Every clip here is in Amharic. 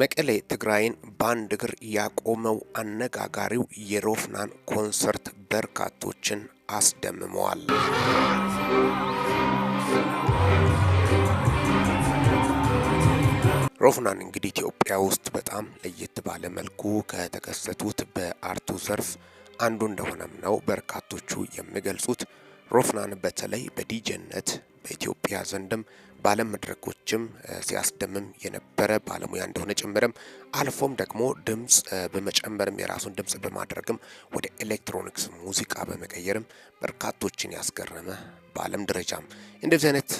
መቀሌ ትግራይን በአንድ እግር ያቆመው አነጋጋሪው የሮፍናን ኮንሰርት በርካቶችን አስደምመዋል። ሮፍናን እንግዲህ ኢትዮጵያ ውስጥ በጣም ለየት ባለ መልኩ ከተከሰቱት በአርቱ ዘርፍ አንዱ እንደሆነም ነው በርካቶቹ የሚገልጹት። ሮፍናን በተለይ በዲጄነት በኢትዮጵያ ዘንድም በዓለም መድረኮችም ሲያስደምም የነበረ ባለሙያ እንደሆነ ጭምርም አልፎም ደግሞ ድምፅ በመጨመርም የራሱን ድምፅ በማድረግም ወደ ኤሌክትሮኒክስ ሙዚቃ በመቀየርም በርካቶችን ያስገረመ በዓለም ደረጃም እንደዚህ አይነት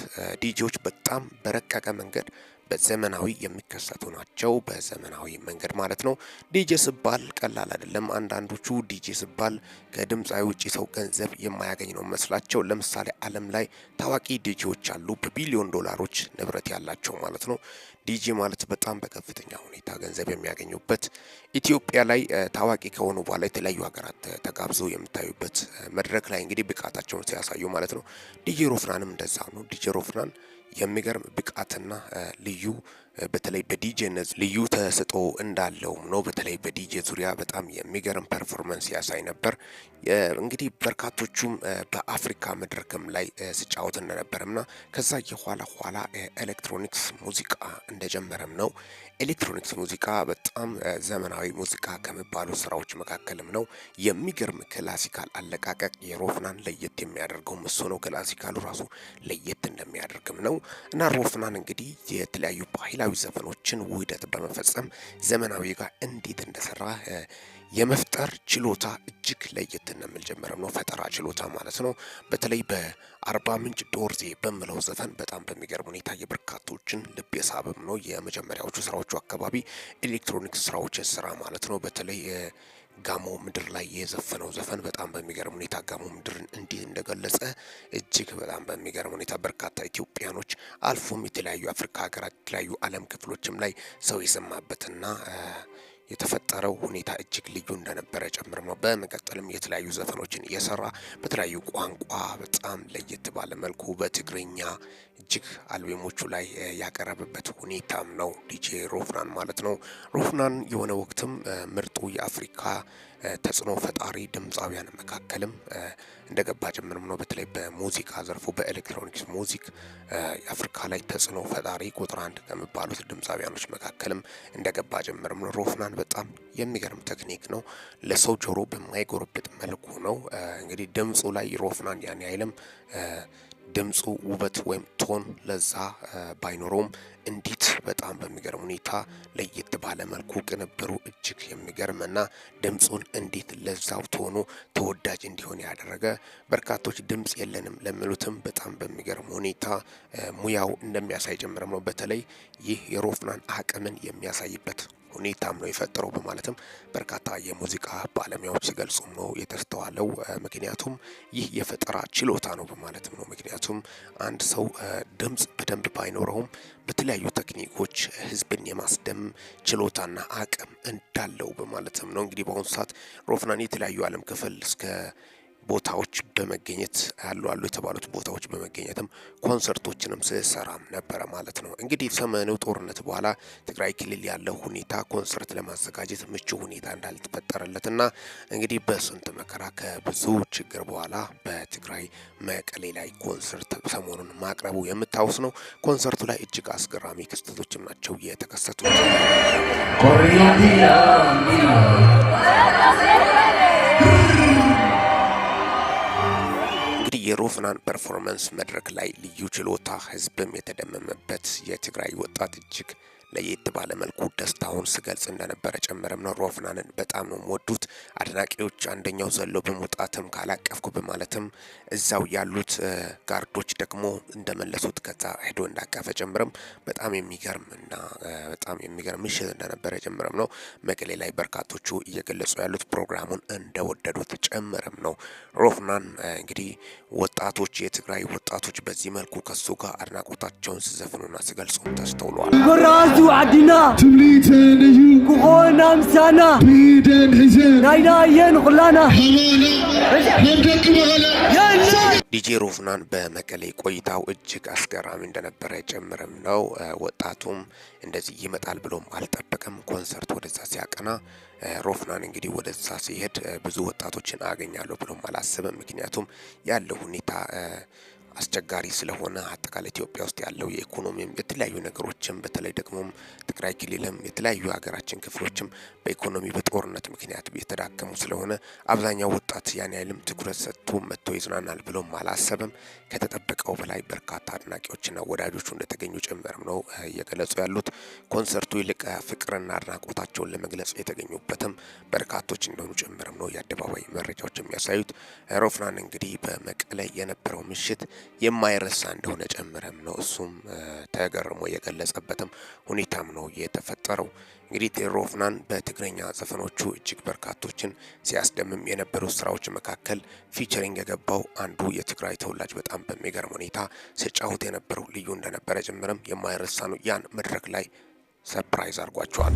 ዲጂዎች በጣም በረቀቀ መንገድ በዘመናዊ የሚከሰቱ ናቸው። በዘመናዊ መንገድ ማለት ነው። ዲጄ ስባል ቀላል አይደለም። አንዳንዶቹ ዲጄ ስባል ከድምፃዊ ውጭ ሰው ገንዘብ የማያገኝ ነው መስላቸው። ለምሳሌ ዓለም ላይ ታዋቂ ዲጄዎች አሉ፣ በቢሊዮን ዶላሮች ንብረት ያላቸው ማለት ነው። ዲጄ ማለት በጣም በከፍተኛ ሁኔታ ገንዘብ የሚያገኙበት ኢትዮጵያ ላይ ታዋቂ ከሆኑ በኋላ የተለያዩ ሀገራት ተጋብዘው የምታዩበት መድረክ ላይ እንግዲህ ብቃታቸውን ሲያሳዩ ማለት ነው። ዲጄ ሮፍናንም እንደዛ ነው። ዲጄ ሮፍናን የሚገርም ብቃትና ልዩ በተለይ በዲጄነት ልዩ ተሰጦ እንዳለውም ነው። በተለይ በዲጄ ዙሪያ በጣም የሚገርም ፐርፎርመንስ ያሳይ ነበር። እንግዲህ በርካቶቹም በአፍሪካ መድረክም ላይ ስጫወት እንደነበርምና ከዛ የኋላ ኋላ ኤሌክትሮኒክስ ሙዚቃ እንደጀመረም ነው። ኤሌክትሮኒክስ ሙዚቃ በጣም ዘመናዊ ሙዚቃ ከሚባሉ ስራዎች መካከልም ነው። የሚገርም ክላሲካል አለቃቀቅ የሮፍናን ለየት የሚያደርገው እሱ ነው። ክላሲካሉ ራሱ ለየት እንደሚያደርግም ነው እና ሮፍናን እንግዲህ የተለያዩ ባህላ ባህላዊ ዘፈኖችን ውህደት በመፈጸም ዘመናዊ ጋር እንዴት እንደሰራ የመፍጠር ችሎታ እጅግ ለየት እንደሚል ጀምረም ነው። ፈጠራ ችሎታ ማለት ነው። በተለይ በአርባ ምንጭ ዶርዜ በምለው ዘፈን በጣም በሚገርም ሁኔታ የበርካቶችን ልብ የሳብም ነው። የመጀመሪያዎቹ ስራዎቹ አካባቢ ኤሌክትሮኒክስ ስራዎች ስራ ማለት ነው። በተለይ ጋሞ ምድር ላይ የዘፈነው ዘፈን በጣም በሚገርም ሁኔታ ጋሞ ምድርን እንዲህ እንደገለጸ እጅግ በጣም በሚገርም ሁኔታ በርካታ ኢትዮጵያኖች አልፎም የተለያዩ አፍሪካ ሀገራት የተለያዩ ዓለም ክፍሎችም ላይ ሰው የሰማበትና የተፈጠረው ሁኔታ እጅግ ልዩ እንደነበረ ጭምር ነው። በመቀጠልም የተለያዩ ዘፈኖችን እየሰራ በተለያዩ ቋንቋ በጣም ለየት ባለ መልኩ በትግርኛ እጅግ አልቤሞቹ ላይ ያቀረበበት ሁኔታም ነው ዲጄ ሮፍናን ማለት ነው። ሮፍናን የሆነ ወቅትም ምርጡ የአፍሪካ ተጽዕኖ ፈጣሪ ድምፃውያን መካከልም እንደገባ ጭምርም ነው። በተለይ በሙዚቃ ዘርፉ በኤሌክትሮኒክስ ሙዚክ አፍሪካ ላይ ተጽዕኖ ፈጣሪ ቁጥር አንድ ከሚባሉት ድምፃውያኖች መካከልም እንደገባ ጭምርም ነው። ሮፍናን በጣም የሚገርም ቴክኒክ ነው። ለሰው ጆሮ በማይጎረብጥ መልኩ ነው እንግዲህ ድምፁ ላይ ሮፍናን ያን አይልም። ድምፁ ውበት ወይም ቶን ለዛ ባይኖረውም እንዲት በጣም በሚገርም ሁኔታ ለየት ባለ መልኩ ቅንብሩ እጅግ የሚገርምና ድምፁን እንዴት ለዛው ቶኑ ተወዳጅ እንዲሆን ያደረገ በርካቶች ድምፅ የለንም ለሚሉትም በጣም በሚገርም ሁኔታ ሙያው እንደሚያሳይ ጀምረም ነው። በተለይ ይህ የሮፍናን አቅምን የሚያሳይበት ሁኔታም ነው የፈጠረው በማለትም በርካታ የሙዚቃ ባለሙያዎች ሲገልጹም ነው የተስተዋለው። ምክንያቱም ይህ የፈጠራ ችሎታ ነው በማለትም ነው። ምክንያቱም አንድ ሰው ድምጽ በደንብ ባይኖረውም በተለያዩ ቴክኒኮች ህዝብን የማስደም ችሎታና አቅም እንዳለው በማለትም ነው። እንግዲህ በአሁኑ ሰዓት ሮፍናን የተለያዩ ዓለም ክፍል እስከ ቦታዎች በመገኘት አሉ አሉ የተባሉት ቦታዎች በመገኘትም ኮንሰርቶችንም ስሰራም ነበረ ማለት ነው። እንግዲህ ሰሜኑ ጦርነት በኋላ ትግራይ ክልል ያለው ሁኔታ ኮንሰርት ለማዘጋጀት ምቹ ሁኔታ እንዳልተፈጠረለትና እንግዲህ በስንት መከራ ከብዙ ችግር በኋላ በትግራይ መቀሌ ላይ ኮንሰርት ሰሞኑን ማቅረቡ የምታወስ ነው። ኮንሰርቱ ላይ እጅግ አስገራሚ ክስተቶችም ናቸው የተከሰቱ። የሮፍናን ፐርፎርመንስ መድረክ ላይ ልዩ ችሎታ ህዝብም የተደመመበት የትግራይ ወጣት እጅግ ለየት ባለ መልኩ ደስታውን ስገልጽ እንደነበረ ጨምረም ነው። ሮፍናንን በጣም ነው ወዱት አድናቂዎች። አንደኛው ዘሎ በመውጣትም ካላቀፍኩ በማለትም እዛው ያሉት ጋርዶች ደግሞ እንደመለሱት ከዛ ሄዶ እንዳቀፈ ጨምረም በጣም የሚገርም እና በጣም የሚገርም ምሽት እንደነበረ ጨምረም ነው። መቀሌ ላይ በርካቶቹ እየገለጹ ያሉት ፕሮግራሙን እንደወደዱት ጨምረም ነው። ሮፍናን እንግዲህ ወጣቶች የትግራይ ወጣቶች በዚህ መልኩ ከሱ ጋር አድናቆታቸውን ሲዘፍኑና ሲገልጹም ተስተውለዋል። ዓዲና ትምሊተን እዩ ጉኾን ናምሳና ብደን ሒዘን ናይና እየን ኹላና ዲጄ ሮፍናን በመቀሌ ቆይታው እጅግ አስገራሚ እንደነበረ ጭምርም ነው። ወጣቱም እንደዚህ ይመጣል ብሎም አልጠበቀም። ኮንሰርት ወደዛ ሲያቀና ሮፍናን እንግዲህ ወደዛ ሲሄድ ብዙ ወጣቶችን አገኛለሁ ብሎም አላስብም። ምክንያቱም ያለው ሁኔታ አስቸጋሪ ስለሆነ አጠቃላይ ኢትዮጵያ ውስጥ ያለው የኢኮኖሚም የተለያዩ ነገሮችም በተለይ ደግሞ ትግራይ ክልልም የተለያዩ ሀገራችን ክፍሎችም በኢኮኖሚ በጦርነት ምክንያት የተዳከሙ ስለሆነ አብዛኛው ወጣት ያን ያህልም ትኩረት ሰጥቶ መጥቶ ይዝናናል ብሎም አላሰበም። ከተጠበቀው በላይ በርካታ አድናቂዎችና ወዳጆቹ እንደተገኙ ጭምርም ነው እየገለጹ ያሉት። ኮንሰርቱ ይልቅ ፍቅርና አድናቆታቸውን ለመግለጽ የተገኙበትም በርካቶች እንደሆኑ ጭምርም ነው የአደባባይ መረጃዎች የሚያሳዩት። ሮፍናን እንግዲህ በመቀለ የነበረው ምሽት የማይረሳ እንደሆነ ጨምረም ነው እሱም ተገርሞ የገለጸበትም ሁኔታም ነው የተፈጠረው። እንግዲህ ቴሮፍናን በትግረኛ ዘፈኖቹ እጅግ በርካቶችን ሲያስደምም የነበሩ ስራዎች መካከል ፊቸሪንግ የገባው አንዱ የትግራይ ተወላጅ በጣም በሚገርም ሁኔታ ሲጫወት የነበረው ልዩ እንደነበረ ጭምርም የማይረሳ ነው። ያን መድረክ ላይ ሰርፕራይዝ አድርጓቸዋል።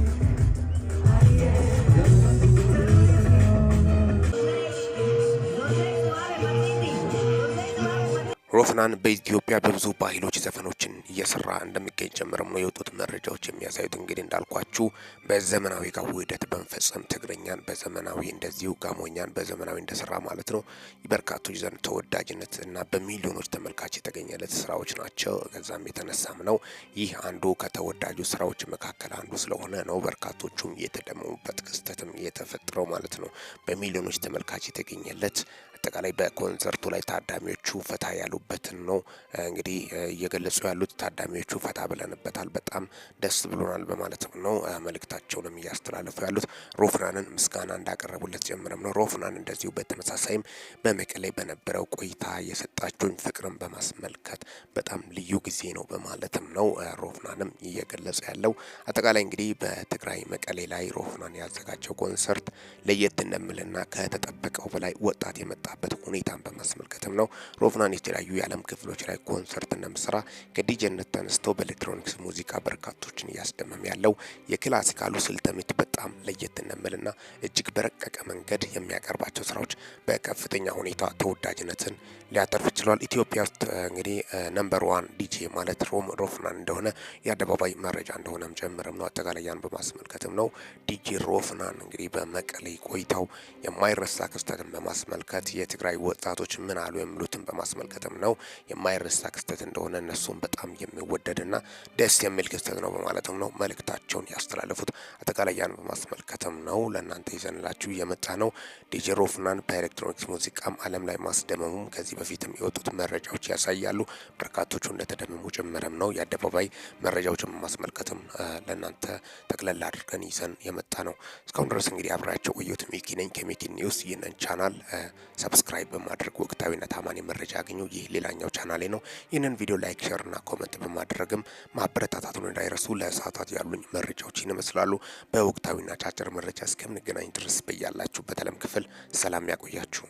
አስናን በኢትዮጵያ በብዙ ባህሎች ዘፈኖችን እየሰራ እንደሚገኝ ጭምርም ነው የወጡት መረጃዎች የሚያሳዩት። እንግዲህ እንዳልኳችሁ በዘመናዊ ጋር ውህደት በመፈጸም ትግርኛን በዘመናዊ እንደዚሁ ጋሞኛን በዘመናዊ እንደሰራ ማለት ነው በርካቶች ዘንድ ተወዳጅነት እና በሚሊዮኖች ተመልካች የተገኘለት ስራዎች ናቸው። ከዛም የተነሳም ነው ይህ አንዱ ከተወዳጁ ስራዎች መካከል አንዱ ስለሆነ ነው በርካቶቹም የተደመሙበት ክስተትም የተፈጥረው ማለት ነው በሚሊዮኖች ተመልካች የተገኘለት አጠቃላይ በኮንሰርቱ ላይ ታዳሚዎቹ ፈታ ያሉበትን ነው እንግዲህ እየገለጹ ያሉት። ታዳሚዎቹ ፈታ ብለንበታል፣ በጣም ደስ ብሎናል በማለት ነው መልእክታቸውንም እያስተላለፉ ያሉት። ሮፍናንን ምስጋና እንዳቀረቡለት ጀምረም ነው። ሮፍናን እንደዚሁ በተመሳሳይም በመቀሌ በነበረው ቆይታ የሰጣቸውን ፍቅርን በማስመልከት በጣም ልዩ ጊዜ ነው በማለትም ነው ሮፍናንም እየገለጸ ያለው። አጠቃላይ እንግዲህ በትግራይ መቀሌ ላይ ሮፍናን ያዘጋጀው ኮንሰርት ለየት እንደምልና ከተጠበቀው በላይ ወጣት የመጣ የሚወጣበት ሁኔታን በማስመልከትም ነው። ሮፍናን የተለያዩ የዓለም ክፍሎች ላይ ኮንሰርት እንደምሰራ ከዲጄነት ተነስተው በኤሌክትሮኒክስ ሙዚቃ በርካቶችን እያስደመም ያለው የክላሲካሉ ስልተምት በጣም ለየት እንደሚልና እጅግ በረቀቀ መንገድ የሚያቀርባቸው ስራዎች በከፍተኛ ሁኔታ ተወዳጅነትን ሊያተርፍ ችሏል። ኢትዮጵያ ውስጥ እንግዲህ ነምበር ዋን ዲጄ ማለት ሮም ሮፍናን እንደሆነ የአደባባይ መረጃ እንደሆነም ጀምርም ነው። አጠቃላይ ያን በማስመልከትም ነው ዲጄ ሮፍናን እንግዲህ በመቀሌ ቆይታው የማይረሳ ክስተትን በማስመልከት የትግራይ ወጣቶች ምን አሉ የሚሉትን በማስመልከትም ነው የማይረሳ ክስተት እንደሆነ እነሱም በጣም የሚወደድና ደስ የሚል ክስተት ነው በማለትም ነው መልእክታቸውን ያስተላለፉት። አጠቃላይ ያን በማስመልከትም ነው ለእናንተ ይዘንላችሁ የመጣ ነው። ዲጄ ሮፍናን በኤሌክትሮኒክስ ሙዚቃም ዓለም ላይ ማስደመሙም ከዚህ በፊትም የወጡት መረጃዎች ያሳያሉ። በርካቶቹ እንደተደመሙ ጭምርም ነው የአደባባይ መረጃዎችን በማስመልከትም ለእናንተ ጠቅለል አድርገን ይዘን የመጣ ነው። እስካሁን ድረስ እንግዲህ አብራቸው ቆየሁት። ሚኪ ነኝ ከሚኪ ኒውስ። ይህንን ቻናል ሰብስክራይብ በማድረግ ወቅታዊና ታማኝ መረጃ ያገኙ። ይህ ሌላኛው ቻናሌ ነው። ይህንን ቪዲዮ ላይክ፣ ሼር እና ኮመንት በማድረግም ማበረታታቱን እንዳይረሱ። ለሰዓታት ያሉኝ መረጃዎችን ይመስላሉ። በወቅታዊና ጫጭር መረጃ እስከምንገናኝ ድረስ በያላችሁበት ዓለም ክፍል ሰላም ያቆያችሁ።